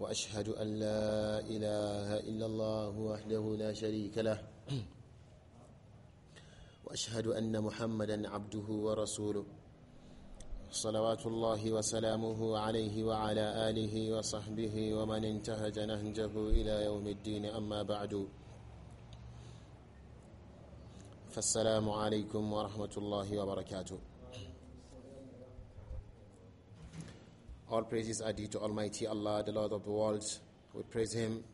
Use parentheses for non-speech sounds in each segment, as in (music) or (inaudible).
وأشهد أن لا إله إلا الله وحده لا شريك له وأشهد أن محمدا عبده ورسوله صلوات الله وسلامه عليه وعلى آله وصحبه ومن انتهج نهجه إلى يوم الدين أما بعد فالسلام عليكم ورحمة الله وبركاته All praises are due to Almighty Allah, the Lord of the worlds. We praise Him,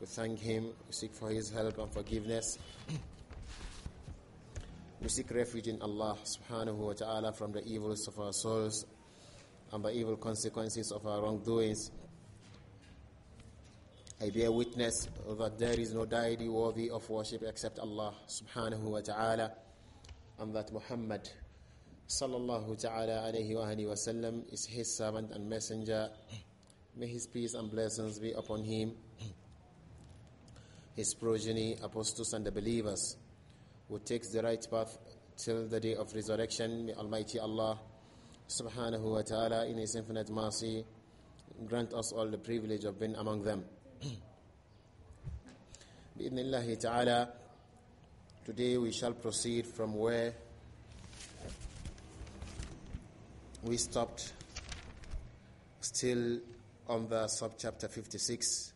we thank Him, we seek for His help and forgiveness. we seek refuge in Allah subhanahu wa ta'ala from the evils of our souls and the evil consequences of our wrongdoings. I bear witness that there is no deity worthy of worship except Allah subhanahu wa ta'ala and that Muhammad sallallahu ta'ala alayhi wa alayhi wasallam is his servant and messenger. May his peace and blessings be upon him, his progeny, apostles and the believers, who takes the right path till the day of resurrection. May Almighty Allah subhanahu wa ta'ala in his infinite mercy grant us all the privilege of being among them. Bi'idhnillahi ta'ala, today we shall proceed from where we stopped still on the subchapter 56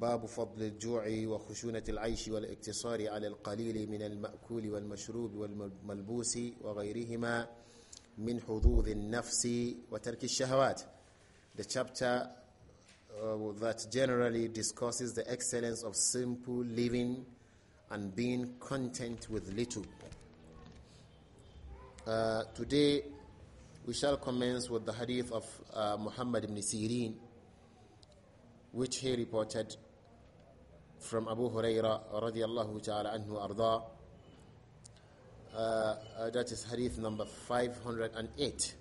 باب فضل الجوع وخشونة العيش والاقتصار على القليل من المأكول والمشروب والملبوس وغيرهما من حظوظ النفس وترك الشهوات the chapter uh, that generally discusses the excellence of simple living and being content with little uh, today we shall commence with the hadith of uh, Muhammad ibn Sirin, which he reported from Abu Huraira radiallahu ta'ala anhu arda. Uh, uh, that is hadith number 508.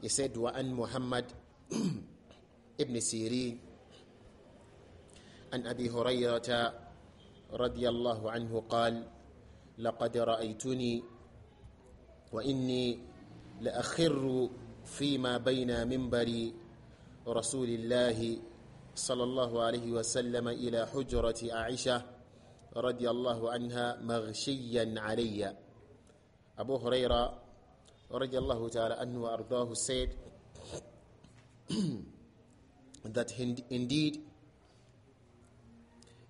He said, وَأَنْ Muhammad (clears throat) ibn Sirin عن أبي هريرة رضي الله عنه قال لقد رأيتني وإني لأخر فيما بين منبر رسول الله صلى الله عليه وسلم إلى حجرة عائشة رضي الله عنها مغشيا علي أبو هريرة رضي الله تعالى عنه وأرضاه said (clears throat) that indeed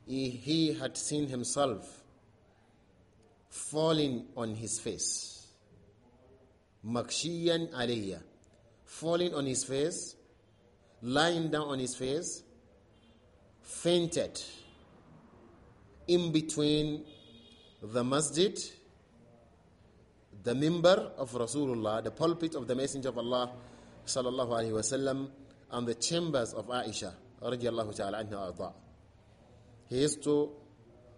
he had seen himself falling on his face makshiyan alayya, falling on his face, lying down on his face, fainted in between the masjid, the mimbar of Rasulullah, the pulpit of the Messenger of Allah, sallallahu alaihi wasallam, and the chambers of Aisha, radiallahu ta'ala anha arda. He used to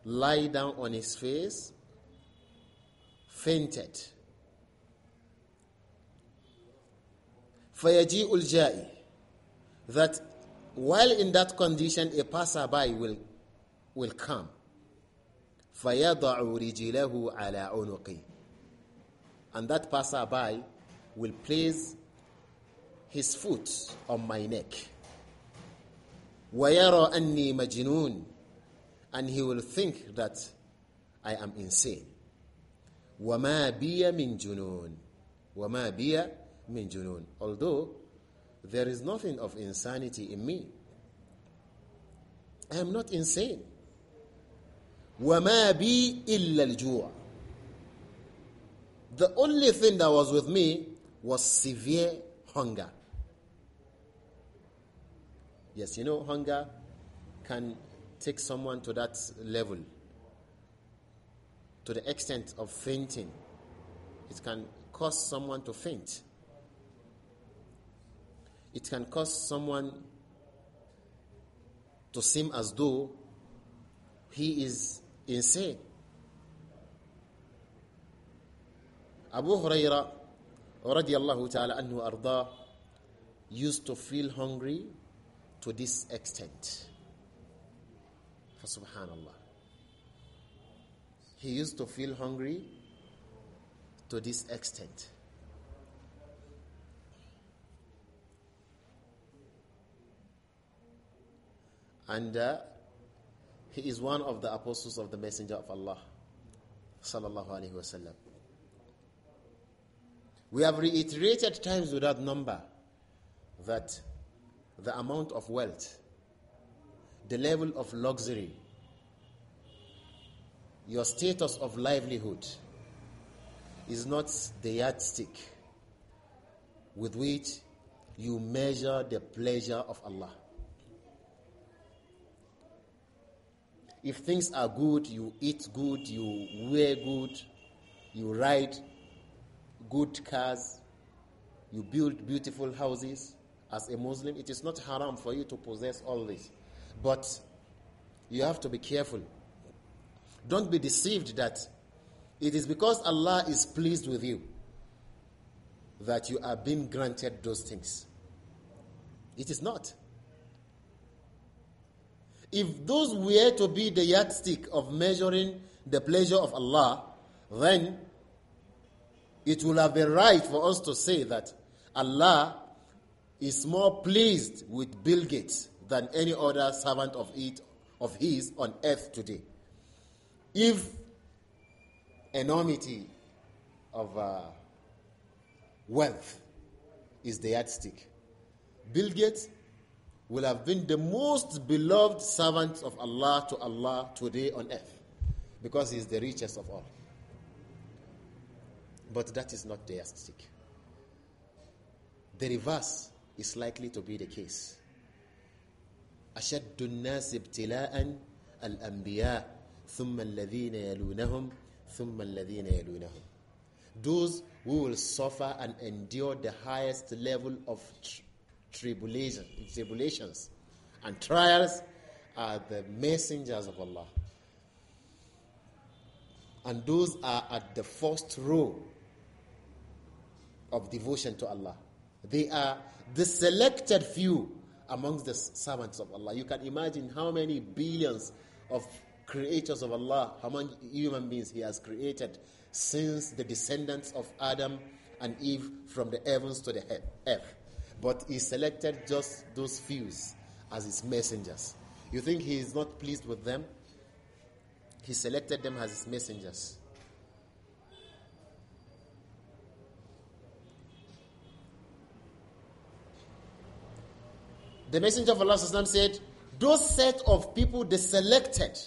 lie down on his face, fainted Fayaji'ul Ja'i, that while in that condition, a passerby will, will come. فَيَضَعُ رِجِلَهُ عَلَىٰ عُنُقِهِ And that passerby will place his foot on my neck. وَيَرَى أَنِّي مَجْنُونَ And he will think that I am insane. وَمَا بِيَ مِنْ جُنُونَ وَمَا بِيَ min Although there is nothing of insanity in me. I am not insane. وَمَا بِي إِلَّا الْجُوعَ The only thing that was with me was severe hunger. Yes, you know, hunger can take someone to that level, to the extent of fainting. It can cause someone to faint it can cause someone to seem as though he is insane. Abu Huraira radiallahu ta'ala anhu arda used to feel hungry to this extent. Subhanallah. He used to feel hungry to this extent. And uh, he is one of the apostles of the Messenger of Allah. Sallallahu Alaihi Wasallam. We have reiterated times without number that the amount of wealth, the level of luxury, your status of livelihood is not the yardstick with which you measure the pleasure of Allah. If things are good, you eat good, you wear good, you ride good cars, you build beautiful houses. As a Muslim, it is not haram for you to possess all this. But you have to be careful. Don't be deceived that it is because Allah is pleased with you that you are being granted those things. It is not. If those were to be the yardstick of measuring the pleasure of Allah, then it would have been right for us to say that Allah is more pleased with Bill Gates than any other servant of it of his on earth today. If enormity of uh, wealth is the yardstick, Bill Gates will have been the most beloved servant of Allah to Allah today on earth because he is the richest of all. But that is not theistic. The reverse is likely to be the case. أشد الناس ابتلاء الأنبياء ثم الذين يلونهم ثم الذين يلونهم Those who will suffer and endure the highest level of tribulations, tribulations and trials are the messengers of Allah. And those are at the first row of devotion to Allah. They are the selected few amongst the servants of Allah. You can imagine how many billions of creators of Allah, among human beings He has created since the descendants of Adam and Eve from the heavens to the earth. But he selected just those few as his messengers. You think he is not pleased with them? He selected them as his messengers. The messenger of Allah said, Those set of people, the selected,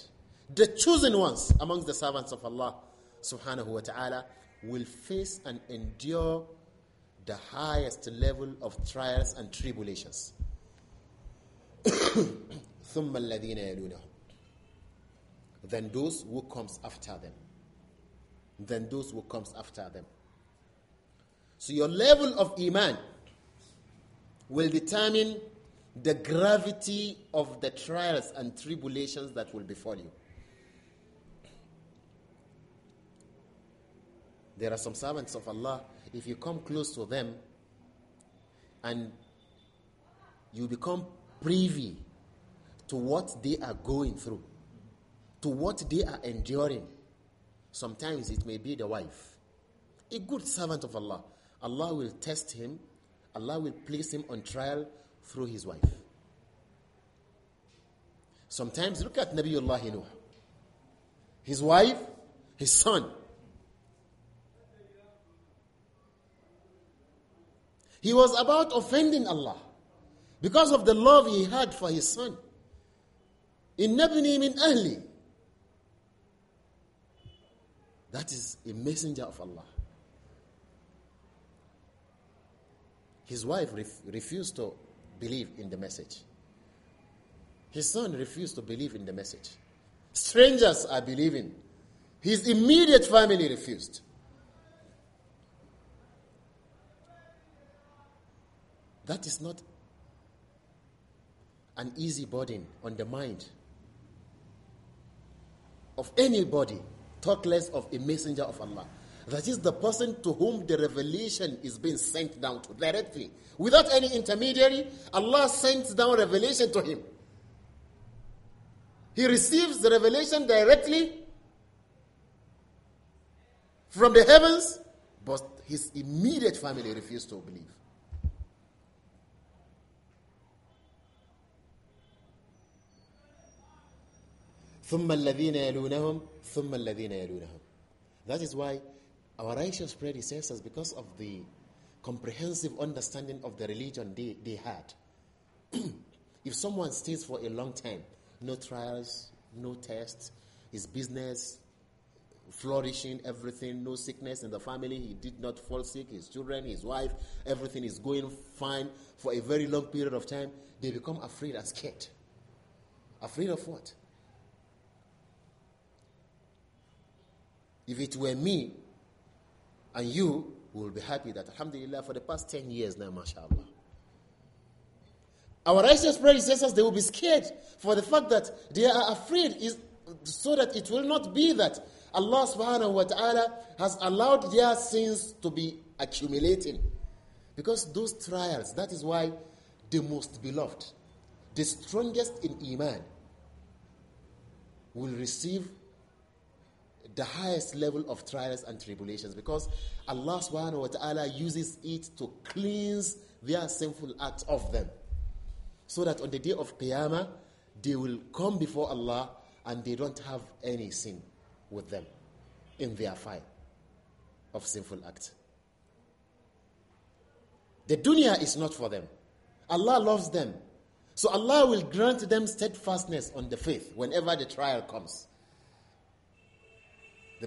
the chosen ones amongst the servants of Allah subhanahu wa ta'ala, will face and endure the highest level of trials and tribulations. (coughs) then those who comes after them. Then those who comes after them. So your level of iman will determine the gravity of the trials and tribulations that will befall you. There are some servants of Allah if you come close to them and you become privy to what they are going through, to what they are enduring. Sometimes it may be the wife. A good servant of Allah, Allah will test him, Allah will place him on trial through his wife. Sometimes look at Nabiullah Nuh. His wife, his son, He was about offending Allah because of the love he had for his son. In Nabni min ahli. That is a messenger of Allah. His wife ref refused to believe in the message. His son refused to believe in the message. Strangers are believing. His immediate family refused. That is not an easy burden on the mind of anybody, talk less of a messenger of Allah. That is the person to whom the revelation is being sent down to directly. Without any intermediary, Allah sends down revelation to him. He receives the revelation directly from the heavens, but his immediate family refused to believe. ثم الذين يلونهم ثم الذين يلونهم that is why our righteous predecessors because of the comprehensive understanding of the religion they, they had (clears throat) if someone stays for a long time no trials no tests his business flourishing, everything, no sickness in the family. He did not fall sick. His children, his wife, everything is going fine for a very long period of time. They become afraid and scared. Afraid of what? If it were me and you, we will be happy that Alhamdulillah for the past 10 years now, mashallah. Our righteous predecessors, they will be scared for the fact that they are afraid is, so that it will not be that Allah subhanahu wa ta'ala has allowed their sins to be accumulating. Because those trials, that is why the most beloved, the strongest in Iman, will receive the highest level of trials and tribulations because Allah subhanahu wa ta'ala uses it to cleanse their sinful acts of them. So that on the day of Qiyamah, they will come before Allah and they don't have any sin with them in their file of sinful act. The dunya is not for them. Allah loves them. So Allah will grant them steadfastness on the faith whenever the trial comes.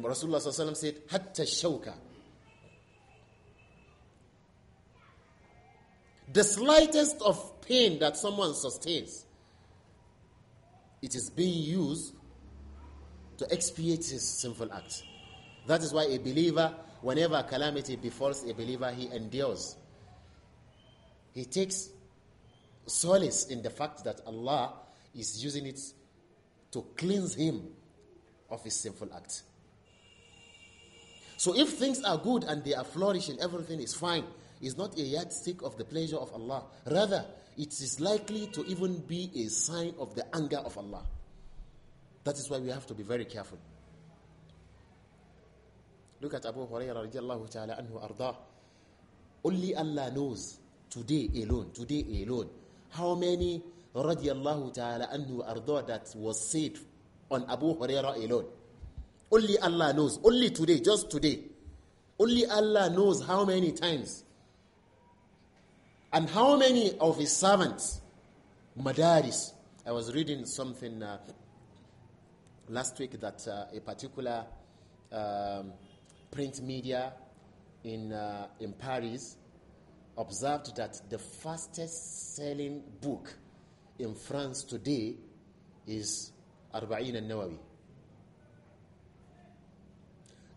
The Rasulullah sallam, said, Hatta shawka. The slightest of pain that someone sustains, it is being used to expiate his sinful act. That is why a believer, whenever a calamity befalls a believer, he endures. He takes solace in the fact that Allah is using it to cleanse him of his sinful act. So if things are good and they are flourishing, everything is fine, it's not a yardstick of the pleasure of Allah. Rather, it is likely to even be a sign of the anger of Allah. That is why we have to be very careful. Look at Abu Huraira radiallahu ta'ala anhu arda. Only Allah knows today alone, today alone, how many radiallahu ta'ala anhu arda that was said on Abu Huraira alone. Only Allah knows. Only today, just today. Only Allah knows how many times and how many of his servants, madaris. I was reading something uh, last week that uh, a particular um, print media in, uh, in Paris observed that the fastest selling book in France today is Arba'in al Nawawi.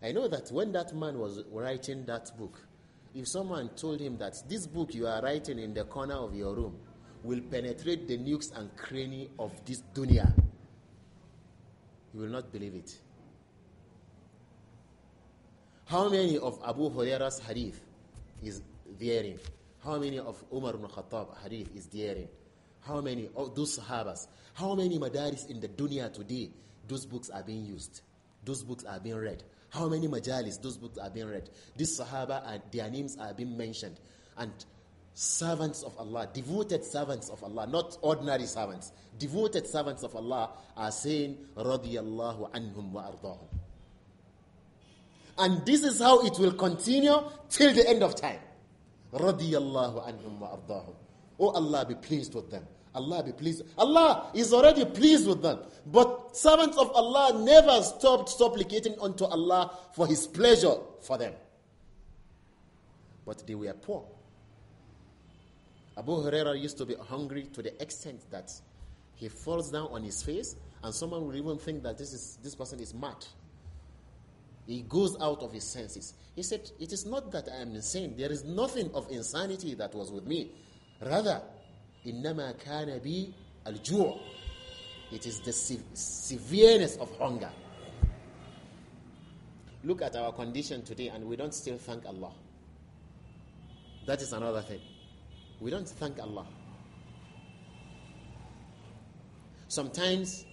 I know that when that man was writing that book, if someone told him that this book you are writing in the corner of your room will penetrate the nukes and cranny of this dunya, you will not believe it. How many of Abu Huraira's hadith is daring? How many of Umar ibn Khattab hadith is daring? How many of those Sahabas? How many madaris in the dunya today? Those books are being used. Those books are being read. How many majalis those books are being read? These Sahaba, and their names are being mentioned. And servants of Allah, devoted servants of Allah, not ordinary servants, devoted servants of Allah are saying, radiyallahu anhum wa ardahum. And this is how it will continue till the end of time. Radiyallahu anhum wa ardahum. Oh Allah, be pleased with them. Allah be pleased. Allah is already pleased with them. But servants of Allah never stopped supplicating unto Allah for His pleasure for them. But they were poor. Abu Huraira used to be hungry to the extent that he falls down on his face, and someone will even think that this, is, this person is mad. He goes out of his senses. He said, It is not that I am insane. There is nothing of insanity that was with me. Rather, Innama kana bi al It is the se severeness of hunger. Look at our condition today and we don't still thank Allah. That is another thing. We don't thank Allah. Sometimes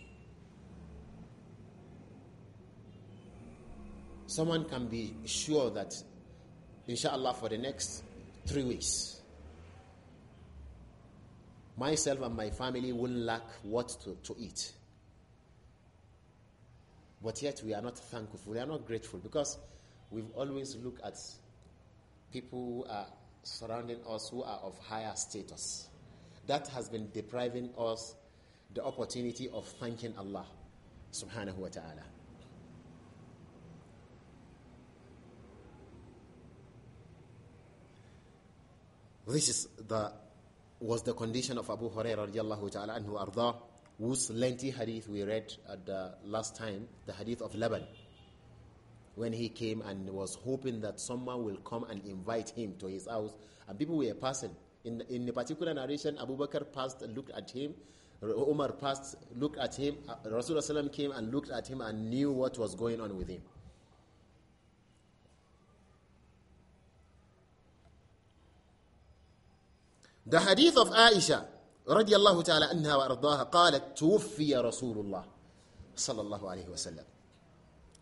someone can be sure that, inshallah, for the next three weeks, myself and my family would not lack what to, to eat. But yet we are not thankful, we are not grateful because we've always looked at people who are surrounding us who are of higher status. That has been depriving us the opportunity of thanking Allah subhanahu wa ta'ala. This is the was the condition of Abu Hurairah radiallahu ta'ala anhu arda, whose lengthy hadith we read at the last time, the hadith of Laban, when he came and was hoping that someone will come and invite him to his house, and people were passing. In, in a particular narration, Abu Bakr passed and looked at him, Umar passed, looked at him, uh, Rasulullah came and looked at him and knew what was going on with him. The hadith of Aisha رضي الله تعالى عنها وأرضاها قالت توفي رسول الله صلى الله عليه وسلم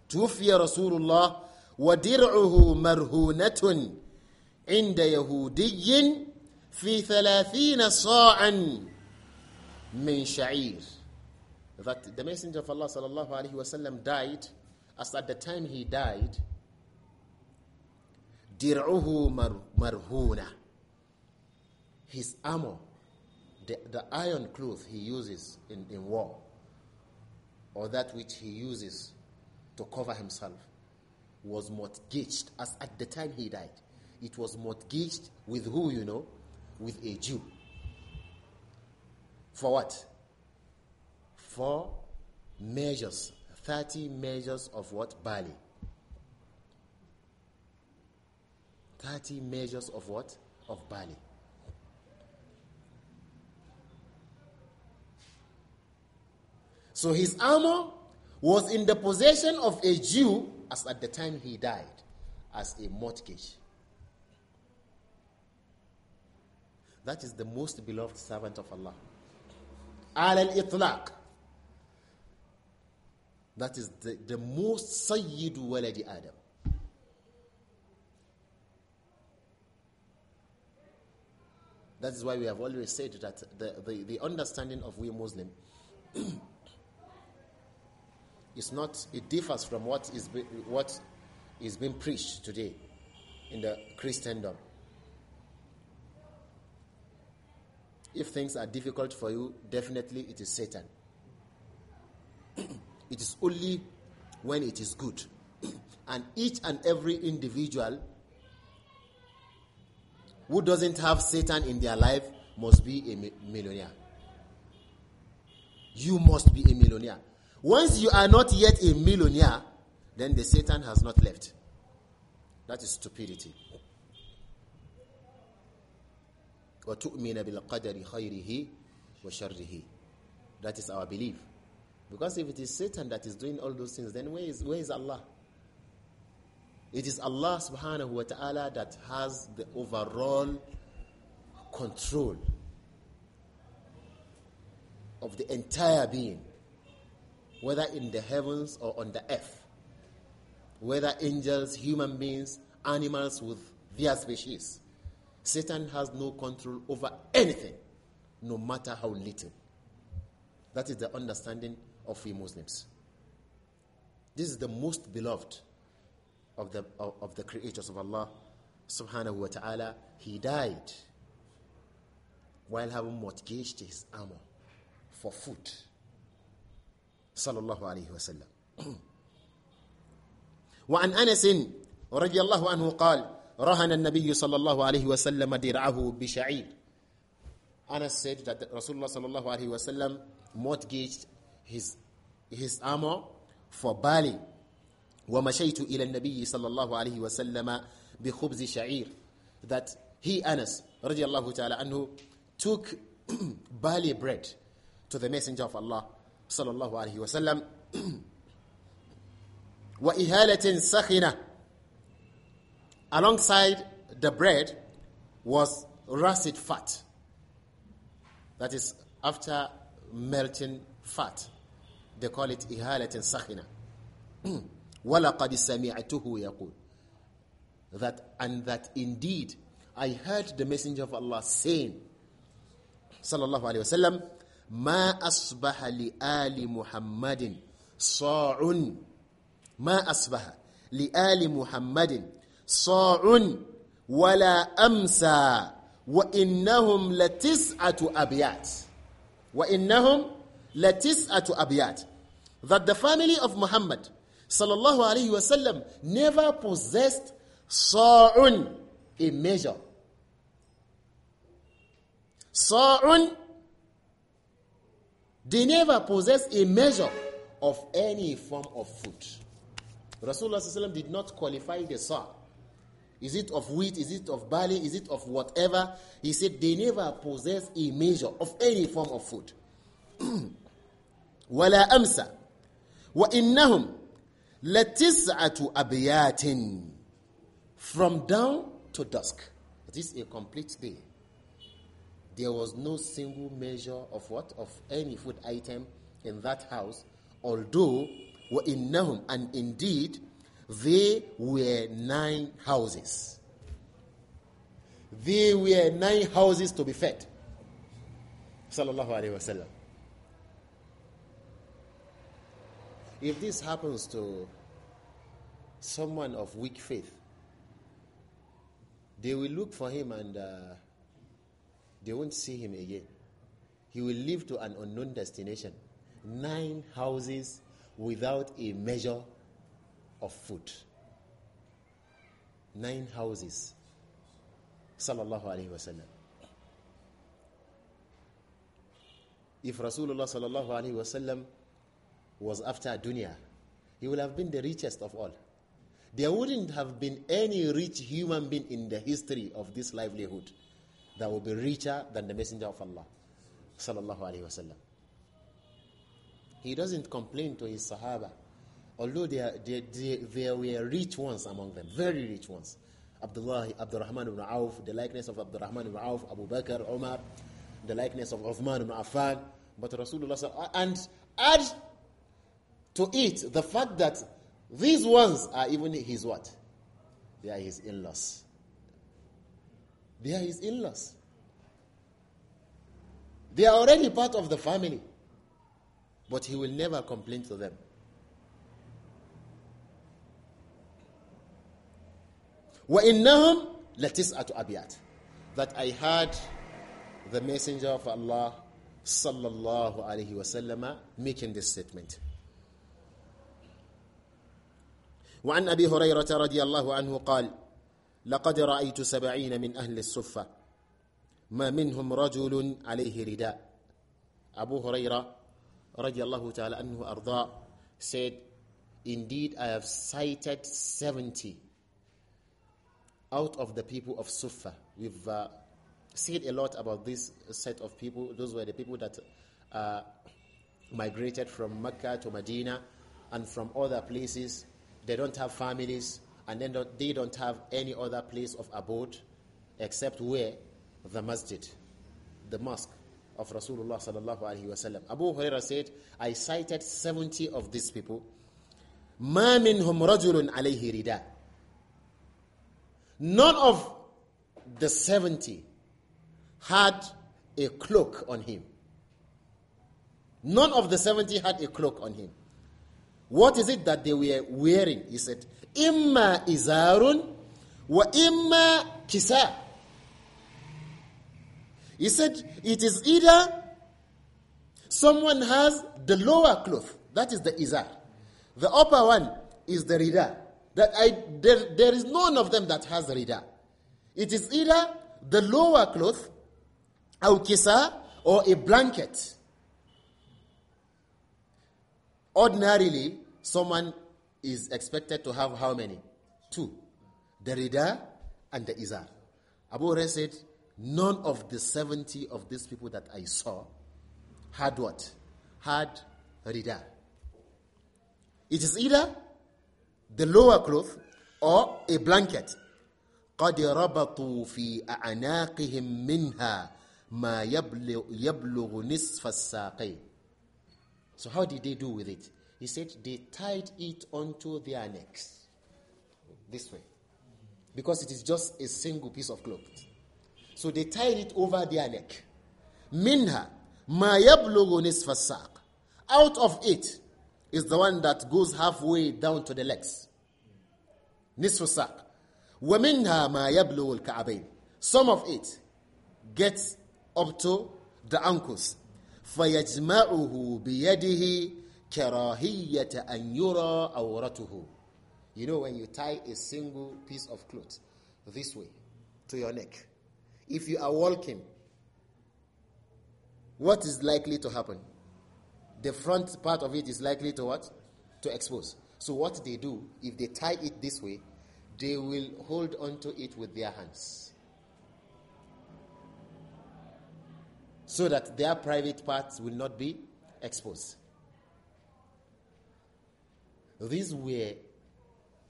توفي رسول الله ودرعه مرهونة عند يهودي في ثلاثين صاعا من شعير that the messenger of Allah sallallahu alaihi wasallam died as at the time he died dir'uhu marhuna his armor, the, the iron cloth he uses in, in war, or that which he uses to cover himself, was mortgaged as at the time he died. It was mortgaged with who, you know? With a Jew. For what? For measures, 30 measures of what? Barley. 30 measures of what? Of barley. So his armor was in the possession of a Jew as at the time he died, as a mortgage. That is the most beloved servant of Allah. Al itlaq. That is the, the most Sayyidu waladi Adam. That is why we have always said that the, the, the understanding of we Muslim (clears throat) It's not, it differs from what is, be, what is being preached today in the Christendom. If things are difficult for you, definitely it is Satan. (clears throat) it is only when it is good. (clears throat) and each and every individual who doesn't have Satan in their life must be a millionaire. You must be a millionaire. Once you are not yet a millionaire, then the Satan has not left. That is stupidity. That is our belief. Because if it is Satan that is doing all those things, then where is, where is Allah? It is Allah subhanahu wa ta'ala that has the overall control of the entire being whether in the heavens or on the earth, whether angels, human beings, animals with their species. Satan has no control over anything, no matter how little. That is the understanding of we Muslims. This is the most beloved of the, of, of the creators of Allah subhanahu wa ta'ala. He died while having mortgaged his armor for food. صلى الله عليه وسلم وعن انس رضي الله عنه قال رهن النبي صلى الله عليه وسلم درعه بشعير Anas said that Rasulullah sallallahu alaihi wasallam mortgaged his his armor for barley. ومشيت إلى النبي صلى الله عليه وسلم بخبز شعير that he Anas رضي الله تعالى عنه took barley bread to the messenger of Allah صلى الله عليه وسلم وإهالة سخنة Alongside the bread was russet fat. That is after melting fat. They call it ihalatin sakhina. وَلَقَدْ سَمِعْتُهُ يَقُولُ That and that indeed I heard the messenger of Allah saying sallallahu alayhi wasallam ما أصبح لآل محمد صاع ما أصبح لآل محمد صاع ولا أمسى وإنهم لتسعة أبيات وإنهم لتسعة أبيات that the family of Muhammad صلى الله عليه وسلم never possessed صاع a measure صاع They never possess a measure of any form of food. Rasulullah did not qualify the soil. Is it of wheat? Is it of barley? Is it of whatever? He said they never possess a measure of any form of food. ولا أمسى وإنهم لتسعة أبيات from dawn to dusk. This is a complete day there was no single measure of what? Of any food item in that house, although were in Nahum, and indeed they were nine houses. They were nine houses to be fed. Sallallahu Alaihi Wasallam. If this happens to someone of weak faith, they will look for him and uh, they won't see him again. He will leave to an unknown destination. Nine houses without a measure of food. Nine houses. Sallallahu Alaihi Wasallam. If Rasulullah Sallallahu Alaihi Wasallam was after dunya, he would have been the richest of all. There wouldn't have been any rich human being in the history of this livelihood that will be richer than the messenger of Allah sallallahu alaihi wasallam he doesn't complain to his sahaba although they, are, they, they, they were rich ones among them very rich ones Abdullah Abdurrahman ibn Auf the likeness of Abdurrahman ibn Auf Abu Bakr Umar the likeness of Uthman ibn Affan but Rasulullah and add to it the fact that these ones are even his what they are his in-laws they are his illness. They are already part of the family, but he will never complain to them. وَإِنَّهُمْ لَتِسْعَةُ أَبْيَاتٍ That I heard the messenger of Allah sallallahu alaihi wasallam making this statement. وعن أبي هريرة رضي الله عنه قال لقد رأيت سبعين من أهل الصفة ما منهم رجل عليه رداء Abu Huraira الله تعالى anhu arda said, Indeed, I have cited 70 out of the people of Sufa. We've uh, said a lot about this set of people. Those were the people that uh, migrated from Mecca to Medina and from other places. They don't have families and then don't, they don't have any other place of abode except where the masjid, the mosque of Rasulullah sallallahu alaihi wasallam. Abu Huraira said, I cited 70 of these people. None of the 70 had a cloak on him. None of the 70 had a cloak on him. What is it that they were wearing? He said, imma kisa. He said it is either someone has the lower cloth, that is the izar. The upper one is the rida. That I, there, there is none of them that has rida. It is either the lower cloth, au kisa, or a blanket. Ordinarily, someone is expected to have how many? Two. The Rida and the Izar. Abu Hurairah said, none of the 70 of these people that I saw had what? Had Rida. It is either the lower cloth or a blanket. قد ربطوا في أعناقهم منها ما يبلغ, نصف الساقين. So how did they do with it? He said they tied it onto their necks this way because it is just a single piece of cloth. So they tied it over their neck. Minha ma yablughu fasak. Out of it is the one that goes halfway down to the legs. Nisfasak. saq. Wa minha Some of it gets up to the ankles. Fayajma'uhu biyadihi. كراهية أن يرى أورته You know when you tie a single piece of cloth this way to your neck, if you are walking, what is likely to happen? The front part of it is likely to what? To expose. So what they do, if they tie it this way, they will hold onto it with their hands. So that their private parts will not be exposed. These were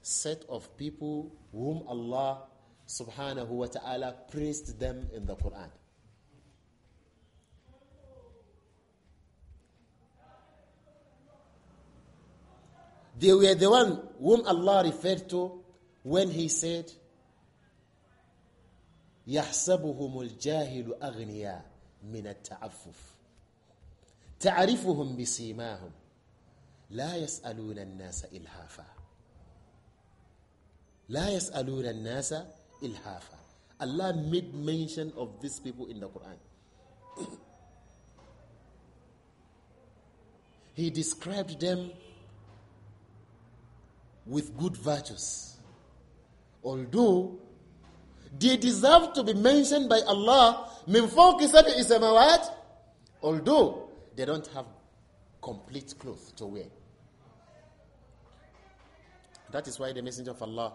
set of people whom Allah subhanahu wa ta'ala praised them in the Quran. They were the one whom Allah referred to when he said, يحسبهم الجاهل أغنياء من التعفف تعرفهم بسيماهم لا يسألون الناس إلهافا لا يسألون الناس إلهافا Allah made mention of these people in the Quran. (coughs) he described them with good virtues. Although they deserve to be mentioned by Allah, Although they don't have complete clothes to wear. That is why the Messenger of Allah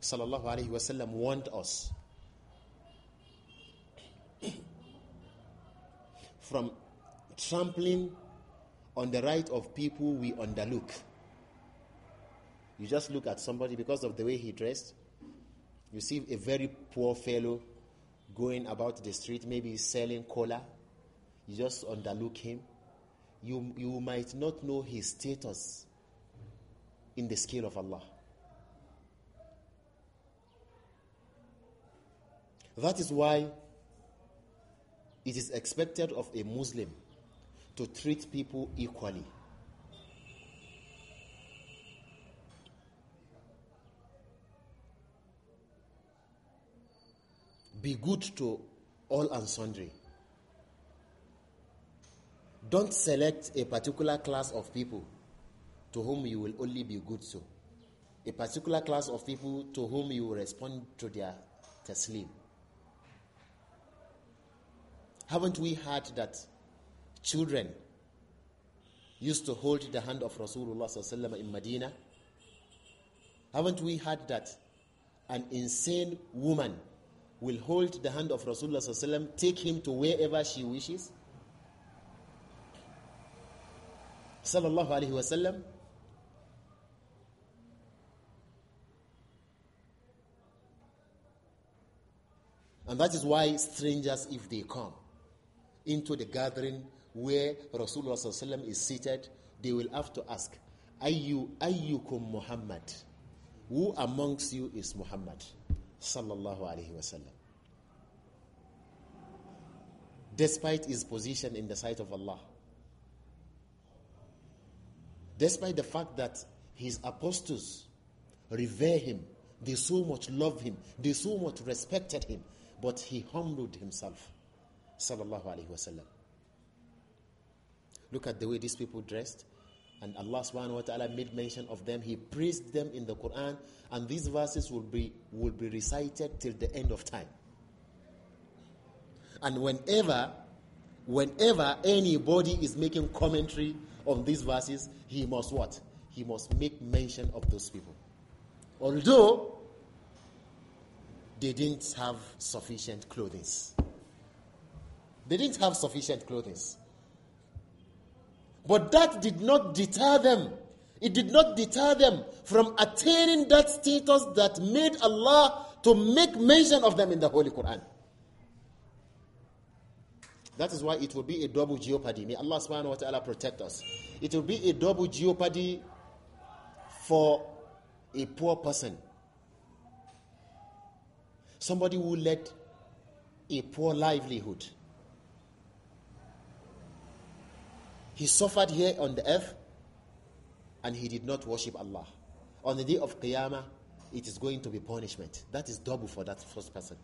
sallallahu alaihi wasallam warned us (coughs) from trampling on the right of people we underlook. You just look at somebody because of the way he dressed. You see a very poor fellow going about the street, maybe selling cola. You just underlook him. You, you might not know his status in the scale of Allah. That is why it is expected of a Muslim to treat people equally. Be good to all and sundry. Don't select a particular class of people to whom you will only be good to. A particular class of people to whom you will respond to their taslim. Haven't we heard that children used to hold the hand of Rasulullah in Medina? Haven't we heard that an insane woman will hold the hand of Rasulullah, take him to wherever she wishes? Sallallahu Alaihi Wasallam And that is why strangers, if they come into the gathering where Rasulullah is seated, they will have to ask, Ayyu, Ayyukum Muhammad? Who amongst you is Muhammad? Sallallahu Alaihi Wasallam. Despite his position in the sight of Allah, despite the fact that his apostles revere him, they so much love him, they so much respected him, but he humbled himself. Sallallahu Alaihi Wasallam. Look at the way these people dressed. And Allah subhanahu wa ta'ala made mention of them. He praised them in the Quran. And these verses will be, will be recited till the end of time. And whenever, whenever anybody is making commentary on these verses, he must what? He must make mention of those people. Although they didn't have sufficient clothing. They didn't have sufficient clothing. But that did not deter them. It did not deter them from attaining that status that made Allah to make mention of them in the Holy Quran. That is why it will be a double jeopardy. May Allah subhanahu wa ta'ala protect us. It will be a double jeopardy for a poor person somebody who led a poor livelihood. He suffered here on the earth and he did not worship Allah. On the day of Qiyamah, it is going to be punishment. That is double for that first person.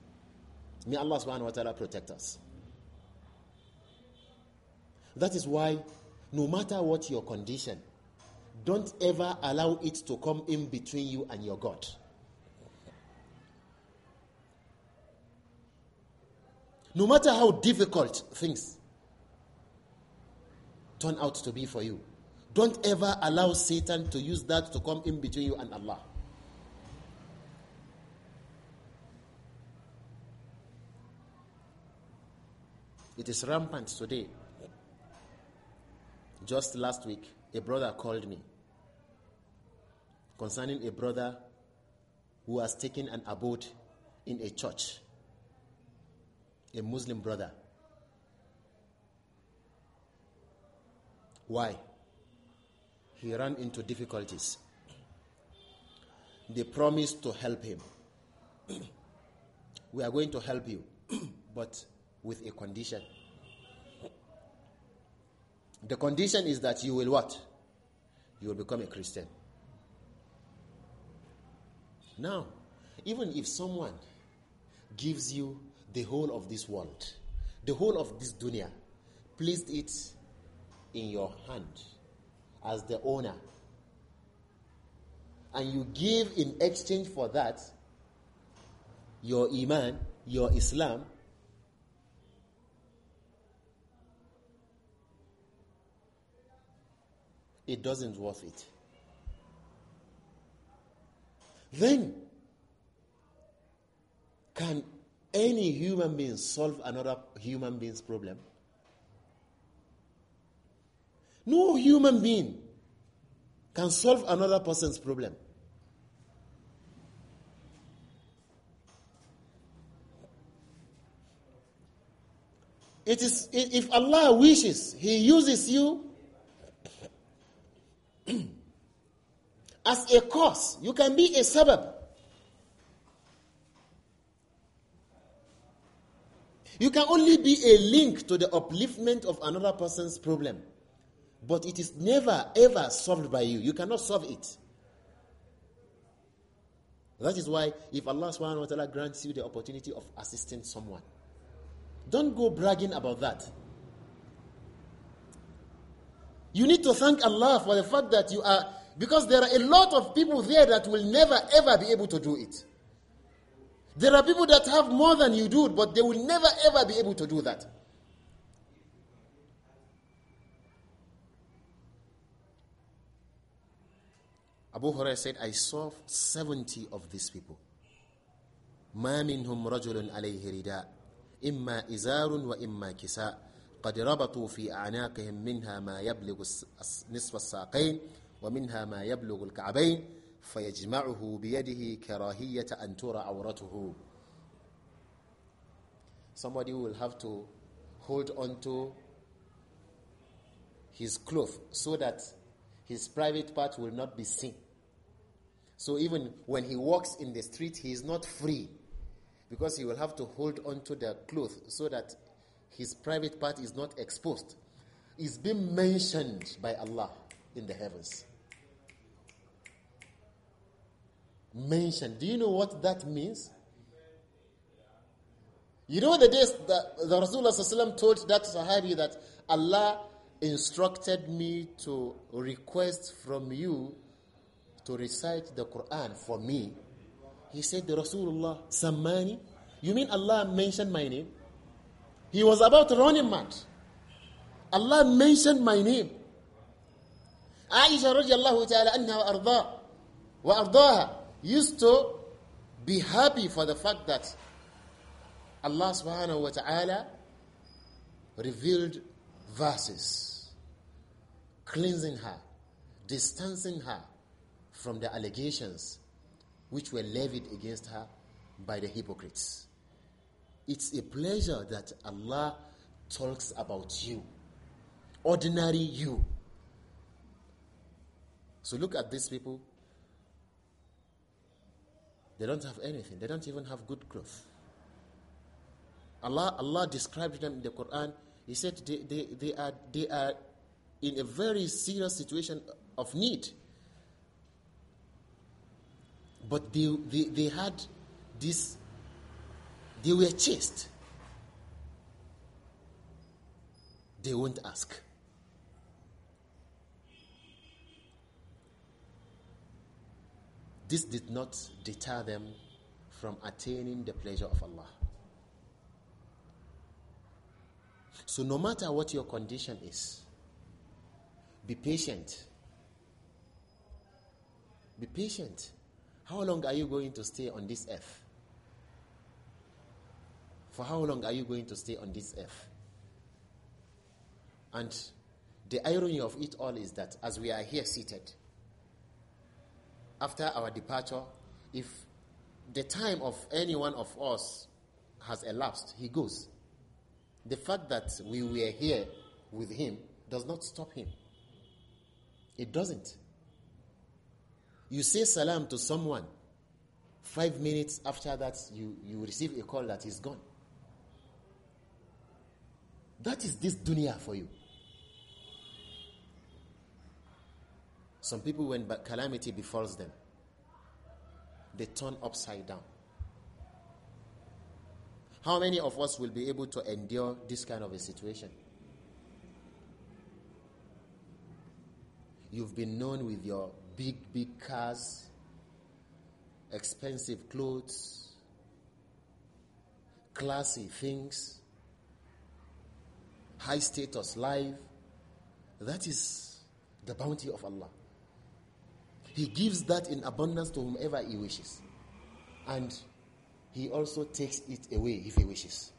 May Allah subhanahu wa ta'ala protect us. That is why, no matter what your condition, don't ever allow it to come in between you and your God. no matter how difficult things turn out to be for you, don't ever allow Satan to use that to come in between you and Allah. It is rampant today. Just last week, a brother called me concerning a brother who has taken an abode in a church a Muslim brother. Why? He ran into difficulties. They promised to help him. (clears throat) we are going to help you, (clears throat) but with a condition. The condition is that you will what? You will become a Christian. Now, even if someone gives you the whole of this world, the whole of this dunya, placed it in your hand as the owner. And you give in exchange for that your Iman, your Islam, it doesn't worth it. Then, can any human being solve another human being's problem? No human being can solve another person's problem. It is if Allah wishes, He uses you (clears throat) as a cause. You can be a suburb. You can only be a link to the upliftment of another person's problem. But it is never, ever solved by you. You cannot solve it. That is why, if Allah subhanahu wa ta'ala grants you the opportunity of assisting someone, don't go bragging about that. You need to thank Allah for the fact that you are, because there are a lot of people there that will never, ever be able to do it. There are people that have more than you do, but they will never ever be able to do that. Abu Hurairah said, I saw 70 of these people. ما منهم رجل عليه رداء إما إزار وإما كساء قد ربطوا في أعناقهم منها ما يبلغ نصف الساقين ومنها ما يبلغ الكعبين فَيَجْمَعُهُ بِيَدِهِ كَرَاهِيَّةَ أَن تُرَى عَوْرَتُهُ Somebody will have to hold onto his cloth so that his private part will not be seen. So even when he walks in the street, he is not free because he will have to hold onto the cloth so that his private part is not exposed. it being mentioned by Allah in the heavens. mentioned. Do you know what that means? You know the days that the Rasulullah told that Sahabi that Allah instructed me to request from you to recite the Quran for me. He said, the Rasulullah, Samani." you mean Allah mentioned my name? He was about running mad. Allah mentioned my name. Aisha radiallahu ta'ala anha wa ardaha used to be happy for the fact that Allah subhanahu wa ta'ala revealed verses cleansing her, distancing her from the allegations which were levied against her by the hypocrites. It's a pleasure that Allah talks about you, ordinary you. So look at these people they don't have anything. They don't even have good clothes. Allah, Allah described them in the Quran. He said they, they, they, are, they are in a very serious situation of need. But they, they, they had this, they were chaste. They won't ask. This did not deter them from attaining the pleasure of Allah. So, no matter what your condition is, be patient. Be patient. How long are you going to stay on this earth? For how long are you going to stay on this earth? And the irony of it all is that as we are here seated, after our departure, if the time of any one of us has elapsed, he goes. The fact that we were here with him does not stop him. It doesn't. You say salam to someone, five minutes after that, you, you receive a call that he's gone. That is this dunya for you. Some people, when calamity befalls them, they turn upside down. How many of us will be able to endure this kind of a situation? You've been known with your big, big cars, expensive clothes, classy things, high status life. That is the bounty of Allah. He gives that in abundance to whomever he wishes. And he also takes it away if he wishes.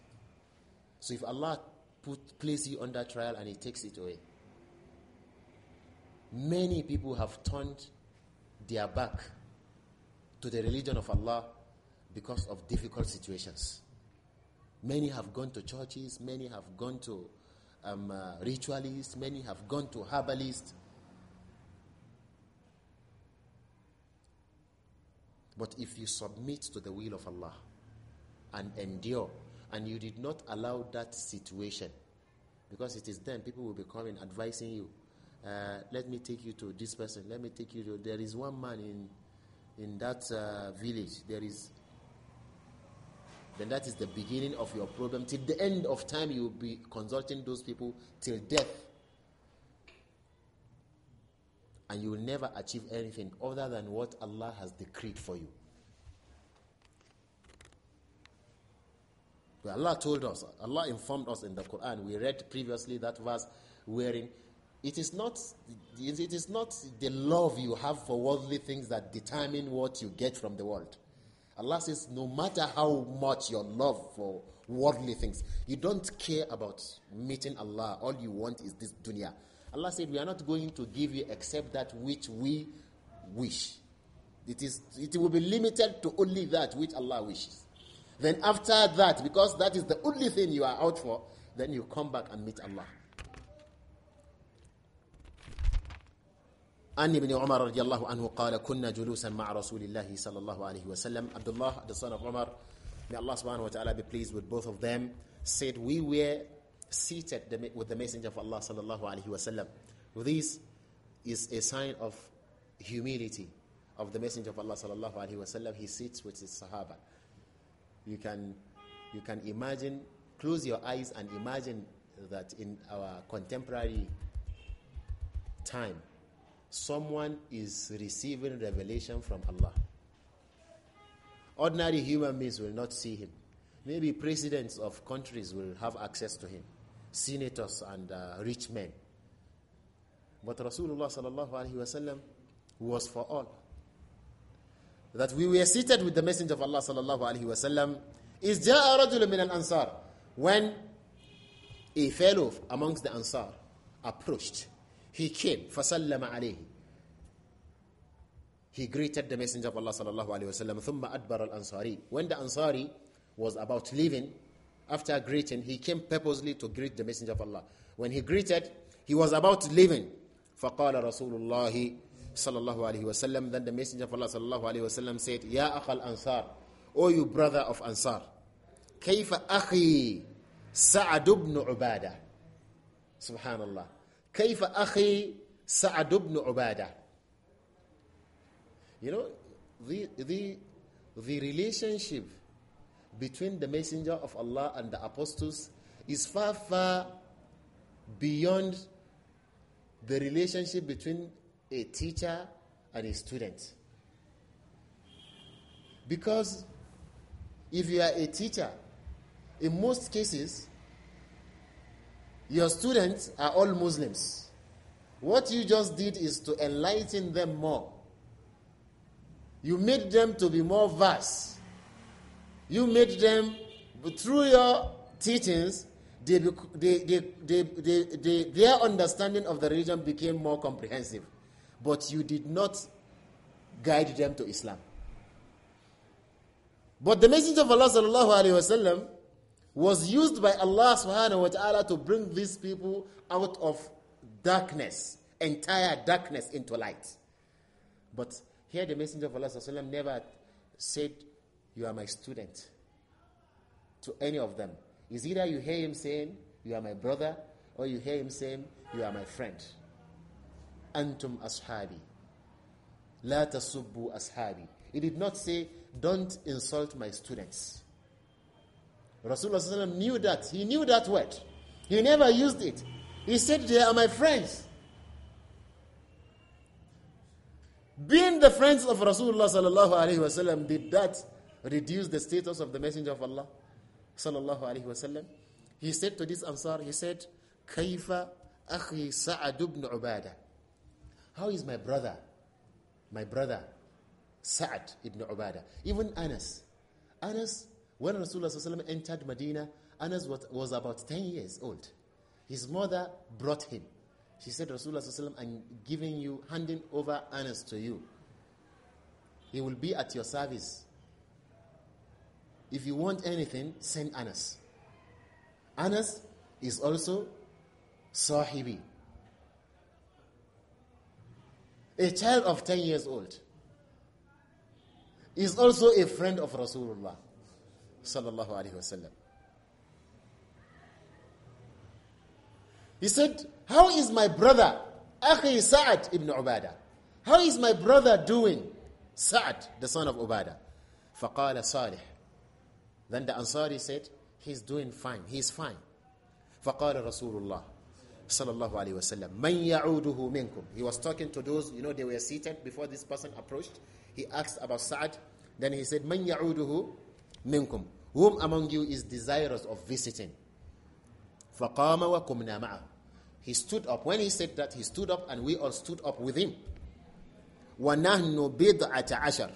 So if Allah put place you under trial and he takes it away. Many people have turned their back to the religion of Allah because of difficult situations. Many have gone to churches, many have gone to um, uh, ritualists, many have gone to herbalists But if you submit to the will of Allah and endure, and you did not allow that situation, because it is then people will be coming advising you, uh, let me take you to this person, let me take you to. There is one man in in that uh, village. There is. Then that is the beginning of your problem. Till the end of time, you will be consulting those people till death and you will never achieve anything other than what Allah has decreed for you. But Allah told us, Allah informed us in the Quran. We read previously that verse wherein it is not it is not the love you have for worldly things that determine what you get from the world. Allah says, no matter how much your love for worldly things, you don't care about meeting Allah. All you want is this dunya. Allah said, We are not going to give you except that which we wish. It, is, it will be limited to only that which Allah wishes. Then after that, because that is the only thing you are out for, then you come back and meet Allah. عن ابن عمر رضي الله عنه قال كنا جلوسا مع رسول الله صلى الله عليه وسلم عبد الله the son of Umar may Allah subhanahu wa ta'ala be pleased with both of them said we were seated the, with the Messenger of Allah sallallahu alaihi wasallam. This is a sign of humility of the Messenger of Allah sallallahu alaihi wasallam. He sits with his Sahaba. You can, you can imagine. Close your eyes and imagine that in our contemporary time, someone is receiving revelation from Allah. Ordinary human beings will not see him. Maybe presidents of countries will have access to him senators and uh, rich men. But Rasulullah sallallahu alaihi wasallam was for all. That we were seated with the Messenger of Allah sallallahu alaihi wasallam. Is ja'a rajul min ansar when a fellow amongst the Ansar approached, he came fasallama alayhi. He greeted the Messenger of Allah sallallahu alaihi wasallam. Thumma adbar al Ansari. When the Ansari was about leaving, after greeting, he came purposely to greet the Messenger of Allah. When he greeted, he was about leaving. فَقَالَ رَسُولُ اللَّهِ صلى الله عليه وسلم. Then the Messenger of Allah صلى الله عليه وسلم said, يَا أَخَ الْأَنصَارِ O you brother of Ansar, كيف أخي سعد بن عبادة سبحان الله كيف أخي سعد بن عبادة You know, the, the, the relationship between the messenger of Allah and the apostles is far, far beyond the relationship between a teacher and a student. Because if you are a teacher, in most cases, your students are all Muslims. What you just did is to enlighten them more. You made them to be more vast you made them, through your teachings, they, they, they, they, their understanding of the religion became more comprehensive. But you did not guide them to Islam. But the message of Allah sallallahu alayhi wasallam was used by Allah subhanahu wa ta'ala to bring these people out of darkness, entire darkness into light. But here the messenger of Allah sallallahu alayhi wasallam never said you are my student. To any of them. Is either you hear him saying, You are my brother, or you hear him saying, You are my friend. Antum ashabi. La tasubbu ashabi. He did not say, Don't insult my students. Rasulullah knew that. He knew that word. He never used it. He said, They are my friends. Being the friends of Rasulullah sallallahu alaihi wasallam did that reduce the status of the messenger of Allah sallallahu alaihi wasallam he said to this ansar he said kaifa akhi sa'ad ibn ubada how is my brother my brother sa'ad ibn ubada even anas anas when rasulullah sallallahu alaihi wasallam entered medina anas was, was about 10 years old his mother brought him she said rasulullah sallallahu alaihi wasallam i'm giving you handing over anas to you he will be at your service if you want anything, send Anas. Anas is also Sahibi. A child of 10 years old is also a friend of Rasulullah sallallahu alaihi wasallam. He said, "How is my brother, Akhi Sa'ad ibn Ubadah? How is my brother doing, Sa'ad, the son of Ubadah?" فقال صالح then the Ansari said, He's doing fine, he's fine. فقال رسول الله صلى الله عليه وسلم من يعوده منكم He was talking to those, you know, they were seated before this person approached. He asked about Sa'ad. Then he said, من يعوده منكم Whom among you is desirous of visiting? فقام وقمنا معه He stood up. When he said that, he stood up and we all stood up with him. وَنَهْنُ بضعة عشر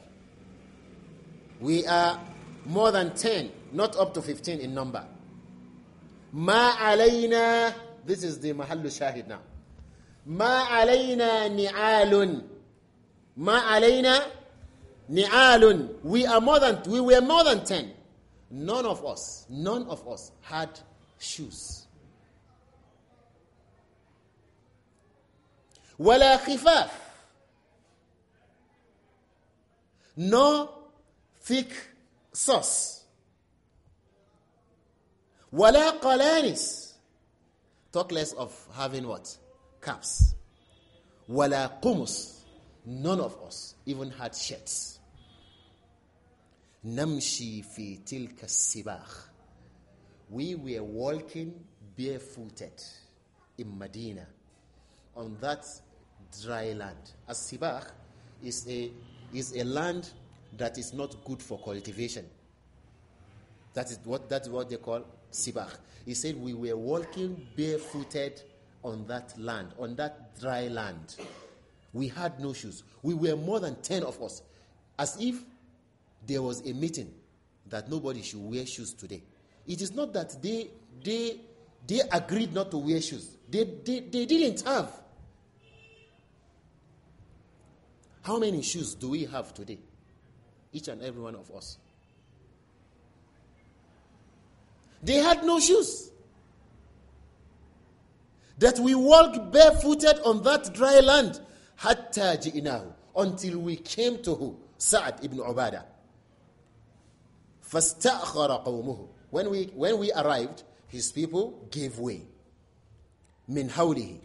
We are more than 10, not up to 15 in number. Ma alayna, this is the mahallu shahid now. Ma alayna ni'alun. Ma alayna ni'alun. We are more than, we were more than 10. None of us, none of us had shoes. Wala khifaf. No thick Sauce. ولا قلانس talk less of having what caps ولا قمص none of us even had shirts نمشي في تلك السباخ we were walking barefooted in Medina on that dry land. As-Sibakh is a, is a land that is not good for cultivation. That is what, that's what they call Sibach. He said, We were walking barefooted on that land, on that dry land. We had no shoes. We were more than 10 of us, as if there was a meeting that nobody should wear shoes today. It is not that they, they, they agreed not to wear shoes, they, they, they didn't have. How many shoes do we have today? each and every one of us. They had no shoes. That we walked barefooted on that dry land hatta until we came to who? Sa'ad ibn Ubadah. فَاسْتَأْخَرَ قَوْمُهُ when we, when we arrived, his people gave way. Min hawlihi.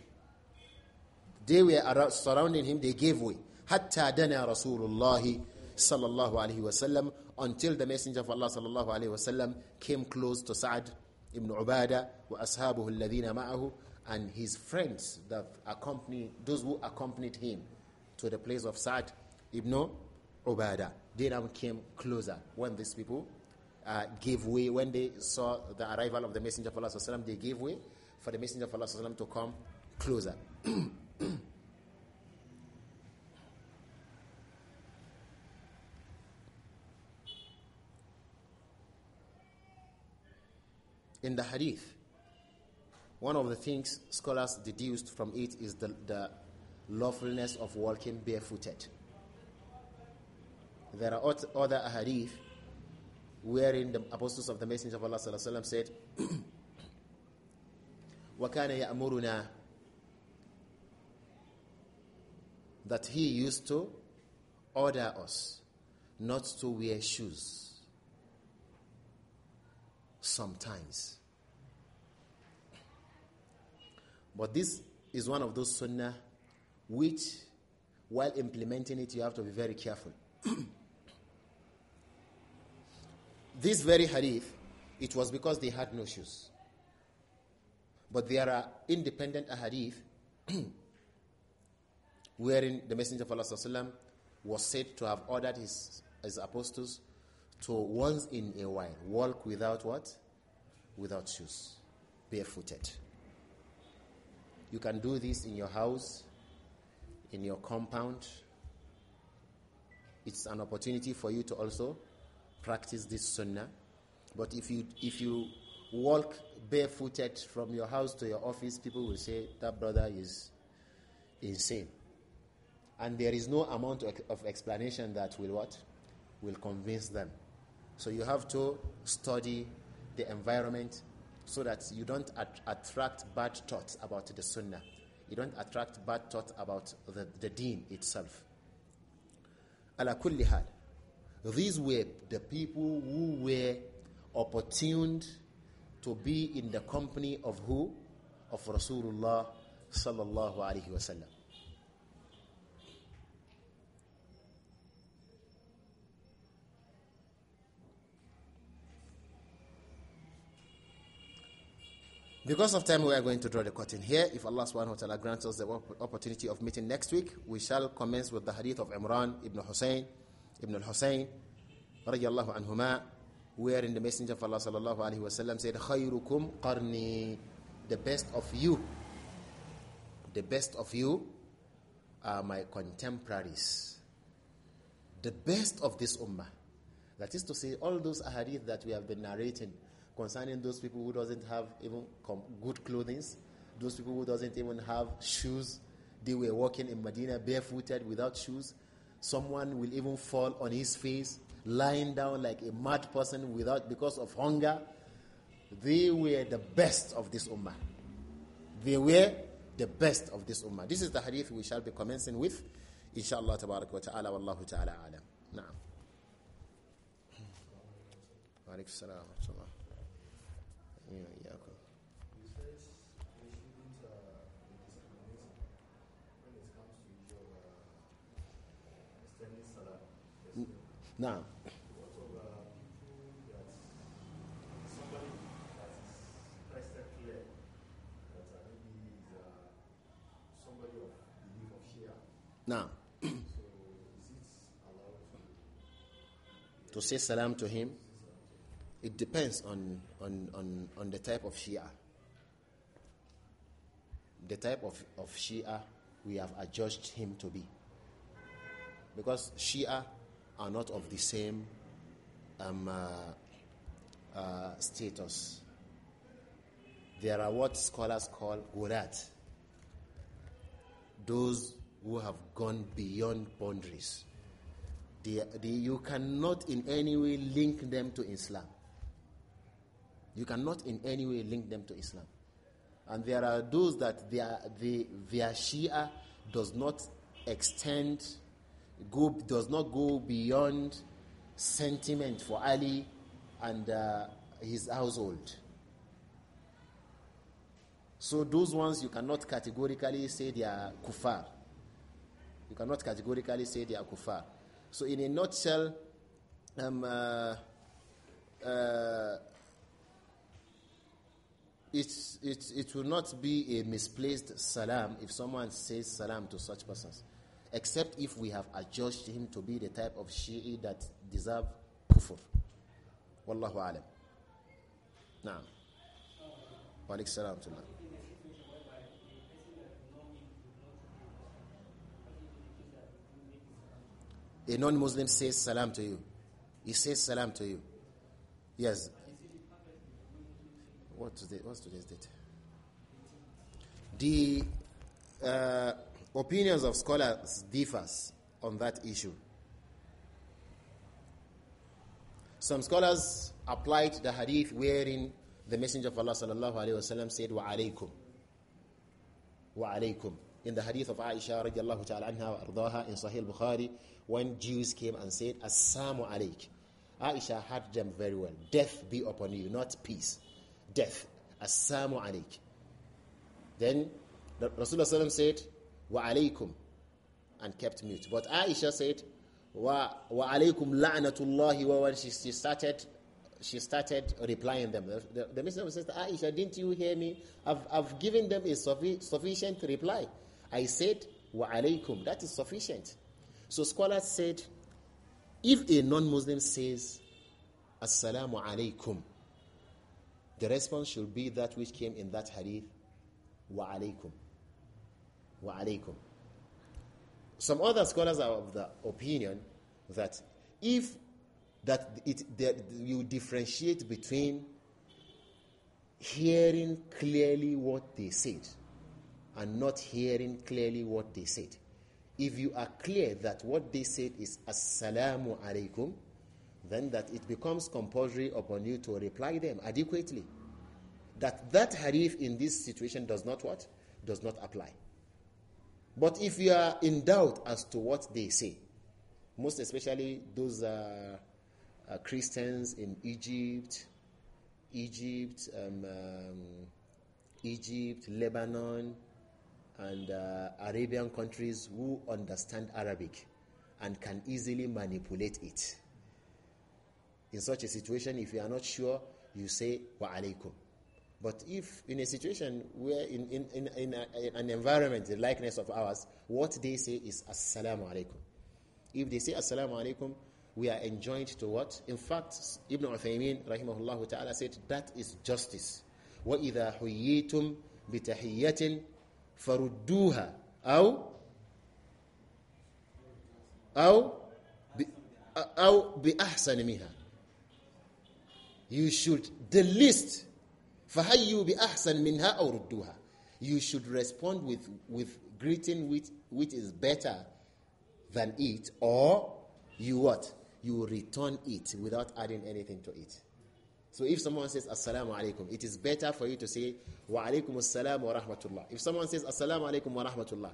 They were surrounding him, they gave way. حَتَّى دَنَا رَسُولُ اللَّهِ sallallahu alaihi wasallam until the messenger of Allah sallallahu alaihi wasallam came close to Saad ibn Ubadah wa ashabuhu alladhina ma'ahu and his friends that accompany those who accompanied him to the place of Saad ibn Ubadah they now came closer when these people uh, gave way when they saw the arrival of the messenger of Allah sallallahu alaihi wasallam they gave way for the messenger of Allah sallallahu alaihi wasallam to come closer (clears throat) in the hadith. One of the things scholars deduced from it is the, the lawfulness of walking barefooted. There are other hadith wherein the apostles of the Messenger of Allah وسلم, said, وَكَانَ (clears throat) يَأْمُرُنَا That he used to order us not to wear shoes sometimes. But this is one of those sunnah which, while implementing it, you have to be very careful. (clears throat) this very hadith, it was because they had no shoes. But there are independent hadith (clears throat) wherein the Messenger of Allah was said to have ordered his, his apostles so once in a while, walk without what? Without shoes, barefooted. You can do this in your house, in your compound. It's an opportunity for you to also practice this sunnah. But if you if you walk barefooted from your house to your office, people will say that brother is insane. And there is no amount of explanation that will what? Will convince them. So you have to study the environment so that you don't at- attract bad thoughts about the sunnah. You don't attract bad thoughts about the, the deen itself. Ala These were the people who were opportuned to be in the company of who? Of Rasulullah sallallahu alaihi wasallam. Because of time, we are going to draw the curtain here. If Allah subhanahu wa ta'ala grants us the opportunity of meeting next week, we shall commence with the hadith of Imran ibn Hussein, ibn al-Hussein, radiallahu anhuma, wherein the Messenger of Allah sallallahu alayhi wa sallam said, خَيْرُكُمْ قَرْنِي The best of you, the best of you are my contemporaries. The best of this ummah. That is to say, all those ahadith that we have been narrating, concerning those people who doesn't have even good clothing, those people who doesn't even have shoes. They were walking in Medina barefooted without shoes. Someone will even fall on his face, lying down like a mad person without because of hunger. They were the best of this ummah. They were the best of this ummah. This is the hadith we shall be commencing with. Inshallah, tabarak wa ta'ala, wallahu ta'ala alam. Na'am. Wa alaikum salam yeah, okay. You uh, when it comes to your uh, extended salary. now, what uh, somebody that is Now, uh, so is it allowed to, to say salam to him? It depends on, on, on, on the type of Shia. The type of, of Shia we have adjudged him to be. Because Shia are not of the same um, uh, uh, status. There are what scholars call gurat, those who have gone beyond boundaries. They, they, you cannot in any way link them to Islam. You cannot in any way link them to Islam. And there are those that their, they, their Shia does not extend, go, does not go beyond sentiment for Ali and uh, his household. So those ones you cannot categorically say they are kuffar. You cannot categorically say they are kuffar. So in a nutshell, um, uh, uh, it, it, it will not be a misplaced salam if someone says salam to such persons, except if we have adjudged him to be the type of Shi'i that deserve kufr. Wallahu alam. Naam. Wa alaikum salam A non-Muslim says salam to you. He says salam to you. Yes, what today, what's today's date? The uh, opinions of scholars differs on that issue. Some scholars applied the hadith wherein the Messenger of Allah sallallahu alaihi wasallam said, "Wa alaykum, wa alaykum." In the hadith of Aisha radiallahu ta'ala anha ardaha in Sahih Bukhari, when Jews came and said, "Assalamu alayk," Aisha had them very well. Death be upon you, not peace death. Assalamu alaik. Then Rasulullah said, Wa alaikum, and kept mute. But Aisha said, Wa, wa alaikum la'natullahi. Well, when she, she, started, she started replying them. The, Messenger said, Aisha, didn't you hear me? I've, I've given them a suffi sufficient reply. I said, Wa alaikum. That is sufficient. So scholars said, if a non Muslim says, Assalamu alaikum, the response should be that which came in that hadith, wa alaykum. Wa alaykum. Some other scholars are of the opinion that if that it that you differentiate between hearing clearly what they said and not hearing clearly what they said. If you are clear that what they said is Assalamu alaykum then that it becomes compulsory upon you to reply them adequately. That that harif in this situation does not what? Does not apply. But if you are in doubt as to what they say, most especially those uh, uh, Christians in Egypt, Egypt, um, um, Egypt, Lebanon, and uh, Arabian countries who understand Arabic and can easily manipulate it in such a situation, if you are not sure, you say wa alaykum. But if in a situation where in, in, in, in, a, in an environment the likeness of ours, what they say is assalamu alaykum. If they say assalamu alaykum, we are enjoined to what? In fact, Ibn Uthaymeen rahimahullah ta'ala said that is justice. وَإِذَا حُيِّيتُمْ بِتَحِيَّةٍ فَرُدُّوهَا أَوْ أَوْ أو بأحسن منها you should the least فَهَيُّوا بِأَحْسَنْ minha أَوْ رُدُّوهَا You should respond with, with greeting which, which is better than it or you what? You return it without adding anything to it. So if someone says assalamu alaikum, it is better for you to say wa alaikum assalam wa rahmatullah. If someone says assalamu alaikum wa rahmatullah,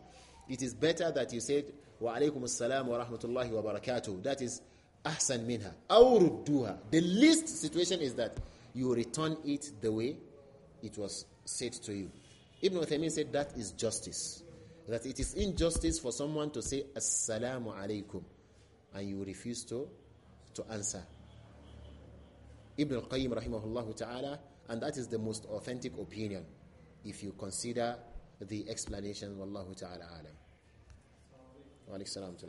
it is better that you said wa alaikum assalam wa rahmatullahi wa barakatuh. That is ahsan minha aw rudduha the least situation is that you return it the way it was said to you ibn uthaymeen said that is justice that it is injustice for someone to say assalamu alaykum, and you refuse to to answer ibn al-qayyim rahimahullah ta'ala and that is the most authentic opinion if you consider the explanation wallahu ta'ala alam wa alaikum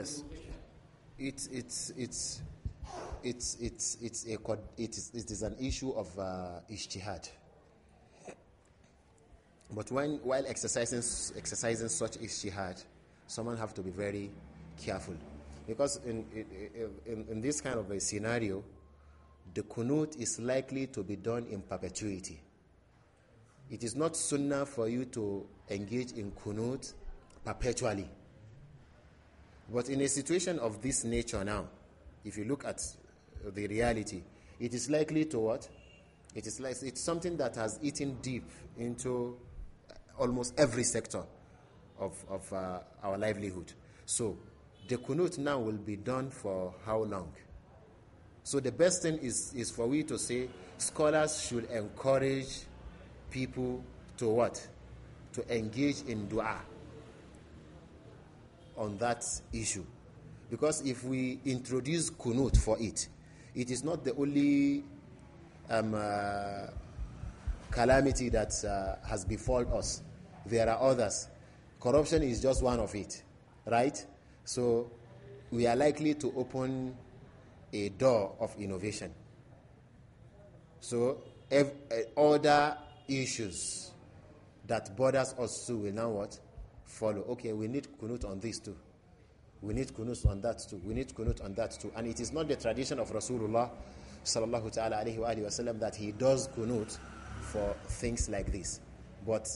yes. It's, it's, it's, it's, it's, it's a, it, is, it is an issue of uh, ijtihad. But when, while exercising, exercising such ijtihad, someone have to be very careful. Because in, in, in this kind of a scenario, the kunut is likely to be done in perpetuity. It is not sunnah for you to engage in kunut perpetually. But in a situation of this nature now, if you look at the reality, it is likely to what? It is like it's something that has eaten deep into almost every sector of, of uh, our livelihood. So the kunut now will be done for how long? So the best thing is, is for we to say scholars should encourage people to what? To engage in dua on that issue. Because if we introduce kunut for it, it is not the only um, uh, calamity that uh, has befallen us. There are others. Corruption is just one of it, right? So we are likely to open a door of innovation. So ev- uh, other issues that bothers us too will now what? follow. Okay, we need kunut on this too. We need kunut on that too. We need kunut on that too. And it is not the tradition of Rasulullah sallallahu ta'ala alayhi wa sallam that he does kunut for things like this. But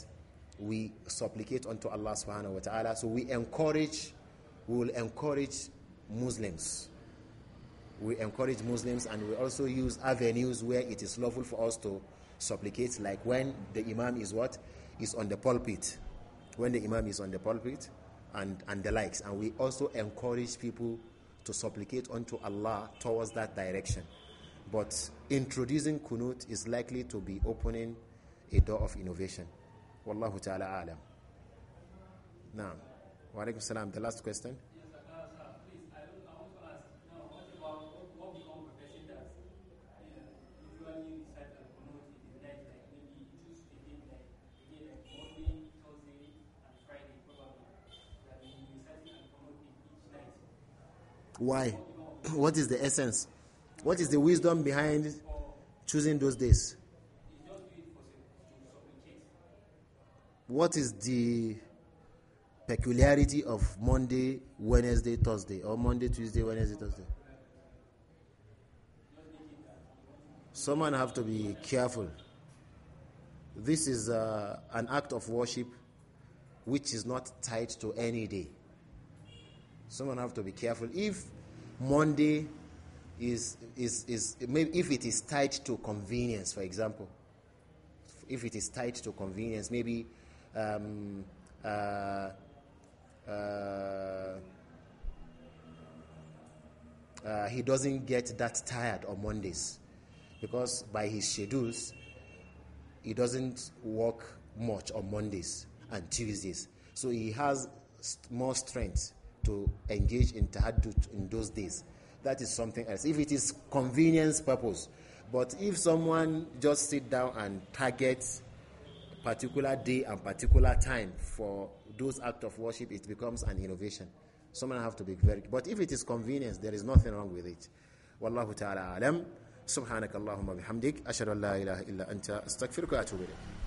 we supplicate unto Allah subhanahu wa ta'ala. So we encourage, we will encourage Muslims. We encourage Muslims and we also use avenues where it is lawful for us to supplicate, like when the Imam is what? Is on the pulpit when the Imam is on the pulpit and, and the likes. And we also encourage people to supplicate unto Allah towards that direction. But introducing kunut is likely to be opening a door of innovation. Wallahu ta'ala alam. Now, wa alaikum salam. The last question. Why? (clears throat) what is the essence? What is the wisdom behind choosing those days? What is the peculiarity of Monday, Wednesday, Thursday, or Monday, Tuesday, Wednesday, Thursday? Someone have to be careful. This is uh, an act of worship which is not tied to any day. Someone have to be careful. If Monday is, is, is maybe if it is tied to convenience, for example, if it is tied to convenience, maybe um, uh, uh, uh, he doesn't get that tired on Mondays because by his schedules, he doesn't work much on Mondays and Tuesdays. So he has more strength to engage in tahajjud in those days. That is something else. If it is convenience purpose, but if someone just sit down and target particular day and particular time for those acts of worship, it becomes an innovation. Someone have to be very. But if it is convenience, there is nothing wrong with it. Wallahu ta'ala alam. سبحانك اللهم وبحمدك أشهد أن لا إله إلا أنت أستغفرك وأتوب إليك